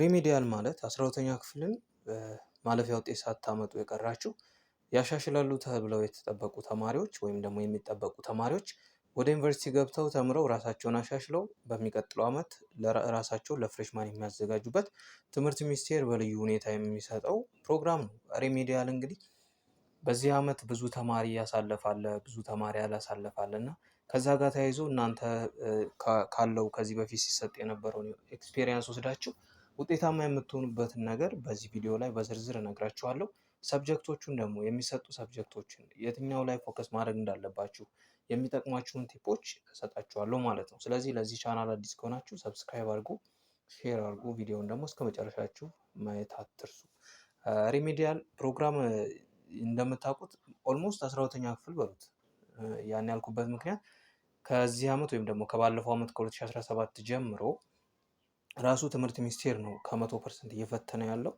ሪሜዲያል ማለት አስራ ሁለተኛ ክፍልን ማለፊያ ውጤት ሳታመጡ የቀራችሁ ያሻሽላሉ ተብለው የተጠበቁ ተማሪዎች ወይም ደግሞ የሚጠበቁ ተማሪዎች ወደ ዩኒቨርሲቲ ገብተው ተምረው ራሳቸውን አሻሽለው በሚቀጥለው ዓመት ራሳቸውን ለፍሬሽማን የሚያዘጋጁበት ትምህርት ሚኒስቴር በልዩ ሁኔታ የሚሰጠው ፕሮግራም ነው። ሪሜዲያል እንግዲህ በዚህ ዓመት ብዙ ተማሪ ያሳለፋለ፣ ብዙ ተማሪ ያላሳለፋለ እና ከዛ ጋር ተያይዞ እናንተ ካለው ከዚህ በፊት ሲሰጥ የነበረውን ኤክስፔሪንስ ወስዳችሁ ውጤታማ የምትሆኑበትን ነገር በዚህ ቪዲዮ ላይ በዝርዝር እነግራችኋለሁ። ሰብጀክቶቹን ደግሞ የሚሰጡ ሰብጀክቶችን የትኛው ላይ ፎከስ ማድረግ እንዳለባችሁ የሚጠቅሟችሁን ቲፖች እሰጣችኋለሁ ማለት ነው። ስለዚህ ለዚህ ቻናል አዲስ ከሆናችሁ ሰብስክራይብ አድርጉ፣ ሼር አድርጉ፣ ቪዲዮውን ደግሞ እስከ መጨረሻችሁ ማየት አትርሱ። ሪሜዲያል ፕሮግራም እንደምታውቁት ኦልሞስት አስራ ሁለተኛ ክፍል በሉት። ያን ያልኩበት ምክንያት ከዚህ ዓመት ወይም ደግሞ ከባለፈው ዓመት ከ2017 ጀምሮ ራሱ ትምህርት ሚኒስቴር ነው ከመቶ ፐርሰንት እየፈተነ ያለው።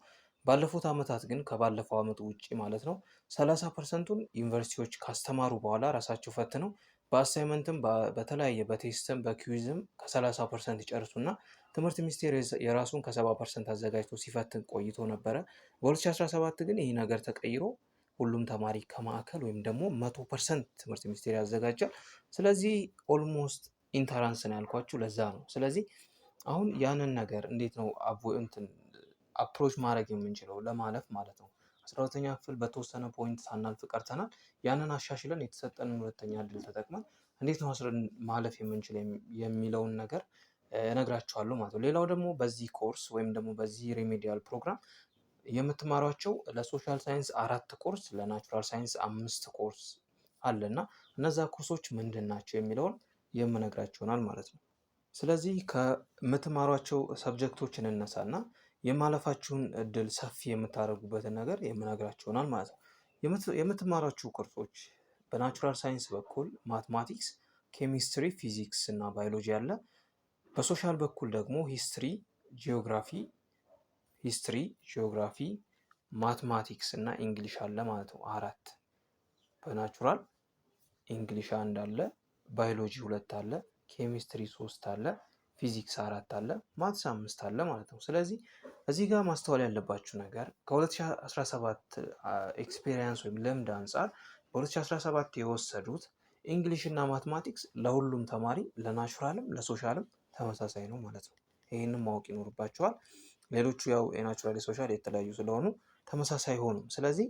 ባለፉት ዓመታት ግን ከባለፈው ዓመት ውጭ ማለት ነው 30 ፐርሰንቱን ዩኒቨርሲቲዎች ካስተማሩ በኋላ ራሳቸው ፈትነው በአሳይመንትም በተለያየ በቴስትም በኪዊዝም ከ30 ፐርሰንት ይጨርሱና ትምህርት ሚኒስቴር የራሱን ከ70 ፐርሰንት አዘጋጅቶ ሲፈትን ቆይቶ ነበረ። በ2017 ግን ይህ ነገር ተቀይሮ ሁሉም ተማሪ ከማዕከል ወይም ደግሞ መቶ ፐርሰንት ትምህርት ሚኒስቴር ያዘጋጃል። ስለዚህ ኦልሞስት ኢንተራንስ ነው ያልኳችሁ ለዛ ነው። ስለዚህ አሁን ያንን ነገር እንዴት ነው እንትን አፕሮች ማድረግ የምንችለው ለማለፍ ማለት ነው። አስራ ሁለተኛ ክፍል በተወሰነ ፖይንት ሳናልፍ ቀርተናል። ያንን አሻሽለን የተሰጠንን ሁለተኛ እድል ተጠቅመን እንዴት ነው ማለፍ የምንችል የሚለውን ነገር እነግራችኋለሁ ማለት ነው። ሌላው ደግሞ በዚህ ኮርስ ወይም ደግሞ በዚህ ሪሜዲያል ፕሮግራም የምትማሯቸው ለሶሻል ሳይንስ አራት ኮርስ፣ ለናቹራል ሳይንስ አምስት ኮርስ አለ እና እነዛ ኮርሶች ምንድን ናቸው የሚለውን የምነግራችሁናል ማለት ነው። ስለዚህ ከምትማሯቸው ሰብጀክቶች እንነሳና የማለፋችሁን እድል ሰፊ የምታደርጉበትን ነገር የምነግራችሁ ይሆናል ማለት ነው። የምትማሯችሁ ቅርጾች በናቹራል ሳይንስ በኩል ማትማቲክስ፣ ኬሚስትሪ፣ ፊዚክስ እና ባዮሎጂ አለ። በሶሻል በኩል ደግሞ ሂስትሪ፣ ጂኦግራፊ ሂስትሪ፣ ጂኦግራፊ፣ ማትማቲክስ እና እንግሊሽ አለ ማለት ነው። አራት በናቹራል እንግሊሽ አንድ አለ፣ ባዮሎጂ ሁለት አለ ኬሚስትሪ ሶስት አለ፣ ፊዚክስ አራት አለ፣ ማትስ አምስት አለ ማለት ነው። ስለዚህ እዚህ ጋር ማስተዋል ያለባችሁ ነገር ከ2017 ኤክስፔሪንስ ወይም ልምድ አንጻር በ2017 የወሰዱት እንግሊሽ እና ማትማቲክስ ለሁሉም ተማሪ ለናቹራልም ለሶሻልም ተመሳሳይ ነው ማለት ነው። ይህንም ማወቅ ይኖርባቸዋል። ሌሎቹ ያው የናቹራል ሶሻል የተለያዩ ስለሆኑ ተመሳሳይ ሆኑም። ስለዚህ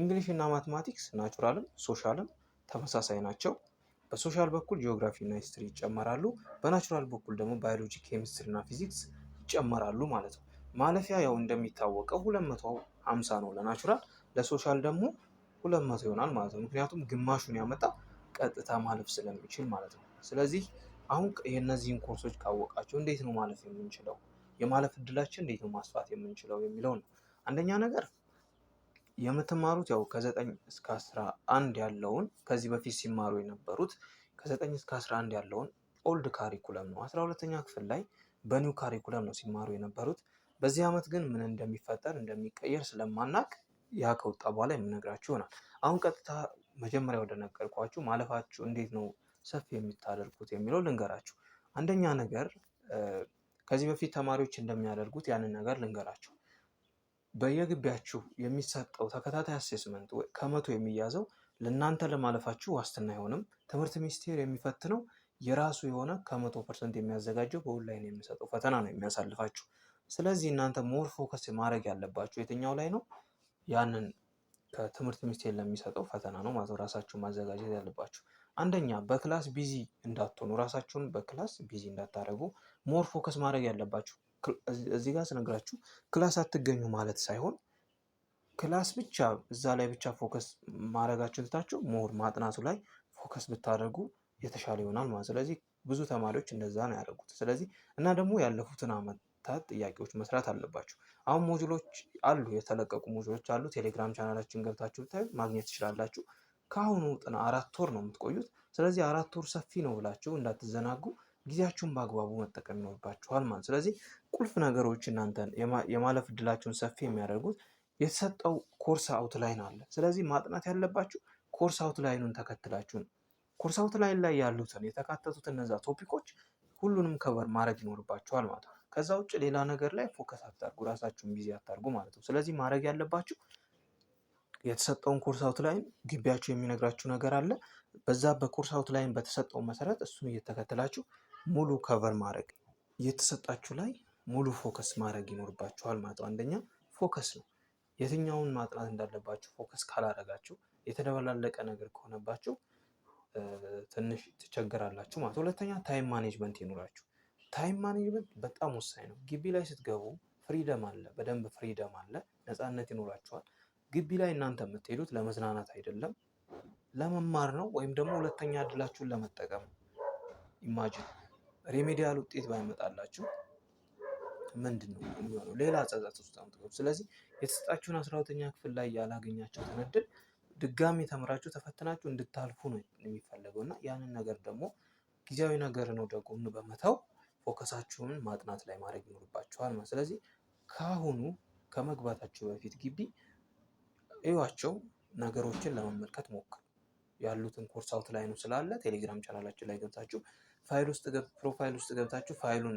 እንግሊሽ እና ማትማቲክስ ናቹራልም ሶሻልም ተመሳሳይ ናቸው። በሶሻል በኩል ጂኦግራፊ እና ሂስትሪ ይጨመራሉ። በናቹራል በኩል ደግሞ ባዮሎጂ፣ ኬሚስትሪ እና ፊዚክስ ይጨመራሉ ማለት ነው። ማለፊያ ያው እንደሚታወቀው ሁለት መቶ ነው ለናቹራል፣ ለሶሻል ደግሞ 200 ይሆናል ማለት ነው። ምክንያቱም ግማሹን ያመጣ ቀጥታ ማለፍ ስለሚችል ማለት ነው። ስለዚህ አሁን የእነዚህን ኮርሶች ካወቃቸው እንዴት ነው ማለፍ የምንችለው፣ የማለፍ እድላችን እንዴት ነው ማስፋት የምንችለው የሚለው ነው። አንደኛ ነገር የምትማሩት ያው ከዘጠኝ እስከ አስራ አንድ ያለውን ከዚህ በፊት ሲማሩ የነበሩት ከዘጠኝ እስከ አስራ አንድ ያለውን ኦልድ ካሪኩለም ነው። አስራ ሁለተኛ ክፍል ላይ በኒው ካሪኩለም ነው ሲማሩ የነበሩት። በዚህ ዓመት ግን ምን እንደሚፈጠር እንደሚቀየር ስለማናቅ ያ ከወጣ በኋላ የምነግራችሁ ይሆናል። አሁን ቀጥታ መጀመሪያ ወደ ነገርኳችሁ ማለፋችሁ እንዴት ነው ሰፊ የሚታደርጉት የሚለው ልንገራችሁ። አንደኛ ነገር ከዚህ በፊት ተማሪዎች እንደሚያደርጉት ያንን ነገር ልንገራችሁ። በየግቢያችሁ የሚሰጠው ተከታታይ አሴስመንት ከመቶ የሚያዘው ለእናንተ ለማለፋችሁ ዋስትና አይሆንም። ትምህርት ሚኒስቴር የሚፈትነው የራሱ የሆነ ከመቶ ፐርሰንት የሚያዘጋጀው በኦንላይን የሚሰጠው ፈተና ነው የሚያሳልፋችሁ። ስለዚህ እናንተ ሞር ፎከስ ማድረግ ያለባችሁ የትኛው ላይ ነው? ያንን ከትምህርት ሚኒስቴር ለሚሰጠው ፈተና ነው ማለት ራሳችሁን ማዘጋጀት ያለባችሁ። አንደኛ በክላስ ቢዚ እንዳትሆኑ፣ ራሳችሁን በክላስ ቢዚ እንዳታደርጉ ሞር ፎከስ ማድረግ ያለባችሁ እዚህ ጋር ስነግራችሁ ክላስ አትገኙ ማለት ሳይሆን ክላስ ብቻ እዛ ላይ ብቻ ፎከስ ማድረጋችሁን ትታችሁ ሞር ማጥናቱ ላይ ፎከስ ብታደርጉ የተሻለ ይሆናል ማለት ስለዚህ ብዙ ተማሪዎች እንደዛ ነው ያደረጉት። ስለዚህ እና ደግሞ ያለፉትን አመታት ጥያቄዎች መስራት አለባችሁ። አሁን ሞጁሎች አሉ፣ የተለቀቁ ሞጁሎች አሉ። ቴሌግራም ቻናላችን ገብታችሁ ብታዩ ማግኘት ትችላላችሁ። ከአሁኑ ጥና አራት ወር ነው የምትቆዩት። ስለዚህ አራት ወር ሰፊ ነው ብላችሁ እንዳትዘናጉ። ጊዜያችሁን በአግባቡ መጠቀም ይኖርባችኋል ማለት። ስለዚህ ቁልፍ ነገሮች እናንተን የማለፍ እድላችሁን ሰፊ የሚያደርጉት የተሰጠው ኮርስ አውትላይን አለ። ስለዚህ ማጥናት ያለባችሁ ኮርስ አውትላይኑን ተከትላችሁ ነው። ኮርስ አውትላይን ላይ ያሉትን የተካተቱት እነዛ ቶፒኮች ሁሉንም ከበር ማድረግ ይኖርባችኋል ማለት ነው። ከዛ ውጭ ሌላ ነገር ላይ ፎከስ አታርጉ፣ ራሳችሁን ቢዚ አታርጉ ማለት ነው። ስለዚህ ማድረግ ያለባችሁ የተሰጠውን ኮርስ አውትላይን ግቢያችሁ የሚነግራችሁ ነገር አለ። በዛ በኮርስ አውትላይን በተሰጠው መሰረት እሱን እየተከተላችሁ ሙሉ ከቨር ማድረግ የተሰጣችሁ ላይ ሙሉ ፎከስ ማድረግ ይኖርባችኋል ማለት ነው። አንደኛ ፎከስ ነው። የትኛውን ማጥናት እንዳለባችሁ ፎከስ ካላረጋችሁ፣ የተደበላለቀ ነገር ከሆነባችሁ ትንሽ ትቸገራላችሁ ማለት። ሁለተኛ ታይም ማኔጅመንት ይኖራችሁ። ታይም ማኔጅመንት በጣም ወሳኝ ነው። ግቢ ላይ ስትገቡ ፍሪደም አለ፣ በደንብ ፍሪደም አለ፣ ነፃነት ይኖራችኋል። ግቢ ላይ እናንተ የምትሄዱት ለመዝናናት አይደለም፣ ለመማር ነው፣ ወይም ደግሞ ሁለተኛ እድላችሁን ለመጠቀም ኢማጂን ሪሜዲያል ውጤት ባይመጣላችሁ ምንድን ነው የሚሆነው? ሌላ አጻጻት ውስጥ አምጥቁ። ስለዚህ የተሰጣችሁን አስራ ሁለተኛ ክፍል ላይ ያላገኛቸው እድል ድጋሚ ተምራችሁ ተፈትናችሁ እንድታልፉ ነው የሚፈለገው እና ያንን ነገር ደግሞ ጊዜያዊ ነገር ነው ደጎን በመተው ፎከሳችሁን ማጥናት ላይ ማድረግ ይኖርባችኋል። ስለዚህ ከአሁኑ ከመግባታችሁ በፊት ግቢ እዩዋቸው፣ ነገሮችን ለመመልከት ሞክሩ። ያሉትን ኮርስ አውት ላይ ነው ስላለ ቴሌግራም ቻናላችን ላይ ገብታችሁ ፋይል ውስጥ ፕሮፋይል ውስጥ ገብታችሁ ፋይሉን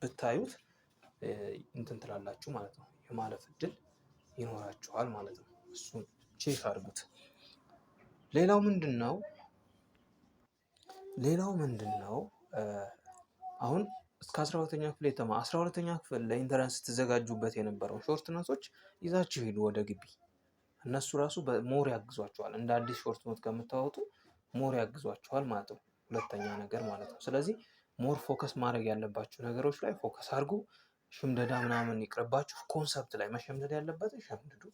ብታዩት እንትን ትላላችሁ ማለት ነው። የማለፍ እድል ይኖራችኋል ማለት ነው። እሱን ቼክ አድርጉት። ሌላው ምንድን ነው? ሌላው ምንድን ነው? አሁን እስከ አስራ ሁለተኛ ክፍል የተማ አስራ ሁለተኛ ክፍል ለኢንተረንስ ስትዘጋጁበት የነበረው ሾርት ነቶች ይዛችሁ ሂዱ ወደ ግቢ። እነሱ ራሱ ሞር ያግዟችኋል። እንደ አዲስ ሾርት ኖት ከምታወጡ ሞር ያግዟችኋል ማለት ነው። ሁለተኛ ነገር ማለት ነው። ስለዚህ ሞር ፎከስ ማድረግ ያለባችሁ ነገሮች ላይ ፎከስ አድርጉ። ሽምደዳ ምናምን ይቅርባችሁ። ኮንሰፕት ላይ መሸምደድ ያለበት ሸምድዱ፣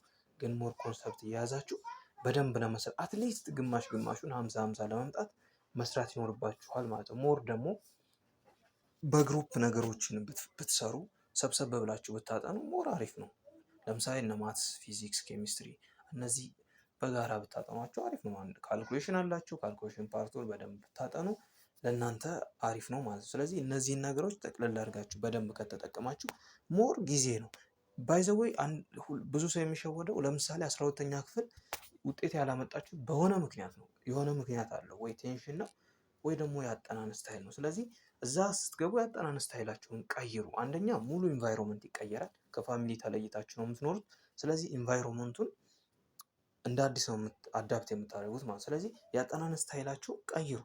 ግን ሞር ኮንሰፕት እየያዛችሁ በደንብ ለመስራት አትሊስት ግማሽ ግማሹን ሀምሳ ሀምሳ ለመምጣት መስራት ይኖርባችኋል ማለት ነው። ሞር ደግሞ በግሩፕ ነገሮችን ብትሰሩ ሰብሰብ ብላችሁ ብታጠኑ ሞር አሪፍ ነው። ለምሳሌ እነ ማትስ፣ ፊዚክስ፣ ኬሚስትሪ እነዚህ በጋራ ብታጠኗቸው አሪፍ ነው። አንድ ካልኩሌሽን አላችሁ። ካልኩሌሽን ፓርቱን በደንብ ብታጠኑ ለእናንተ አሪፍ ነው ማለት ነው። ስለዚህ እነዚህን ነገሮች ጠቅልል አድርጋችሁ በደንብ ከተጠቀማችሁ ሞር ጊዜ ነው ባይዘወይ ብዙ ሰው የሚሸወደው ለምሳሌ አስራ ሁለተኛ ክፍል ውጤት ያላመጣችሁ በሆነ ምክንያት ነው። የሆነ ምክንያት አለው ወይ ቴንሽን ነው ወይ ደግሞ የአጠናን ስታይል ነው። ስለዚህ እዛ ስትገቡ የአጠናን ስታይላችሁን ቀይሩ። አንደኛ ሙሉ ኢንቫይሮንመንት ይቀየራል። ከፋሚሊ ተለይታችሁ ነው የምትኖሩት። ስለዚህ ኢንቫይሮንመንቱን እንደ አዲስ ነው አዳፕት የምታደርጉት ማለት። ስለዚህ የአጠናን ስታይላችሁ ቀይሩ።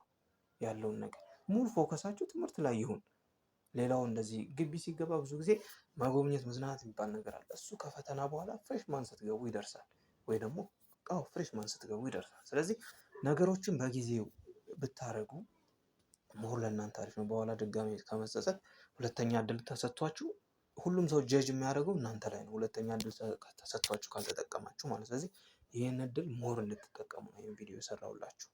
ያለውን ነገር ሙሉ ፎከሳችሁ ትምህርት ላይ ይሁን። ሌላው እንደዚህ ግቢ ሲገባ ብዙ ጊዜ መጎብኘት መዝናናት የሚባል ነገር አለ። እሱ ከፈተና በኋላ ፍሬሽ ማን ስትገቡ ይደርሳል፣ ወይ ደግሞ ቃው ፍሬሽ ማን ስትገቡ ይደርሳል። ስለዚህ ነገሮችን በጊዜው ብታደርጉ ሞር ለእናንተ አሪፍ ነው። በኋላ ድጋሚ ከመጸጸት ሁለተኛ እድል ተሰጥቷችሁ ሁሉም ሰው ጀጅ የሚያደርገው እናንተ ላይ ነው። ሁለተኛ እድል ተሰጥቷችሁ ካልተጠቀማችሁ ማለት ስለዚህ ይህን እድል ሞር እንድትጠቀሙ ነው ይህን ቪዲዮ የሰራሁላችሁ።